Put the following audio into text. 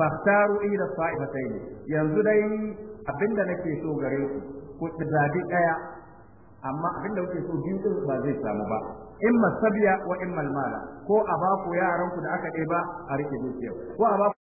fahtaru ila sa'ibataini yanzu dai abinda nake so gare ku ku tsadi daya amma abinda kuke so biyu din ba zai samu ba imma sabiya wa imma mala ko a ba ku yaran da aka ɗeba a rike dukiya ko a ba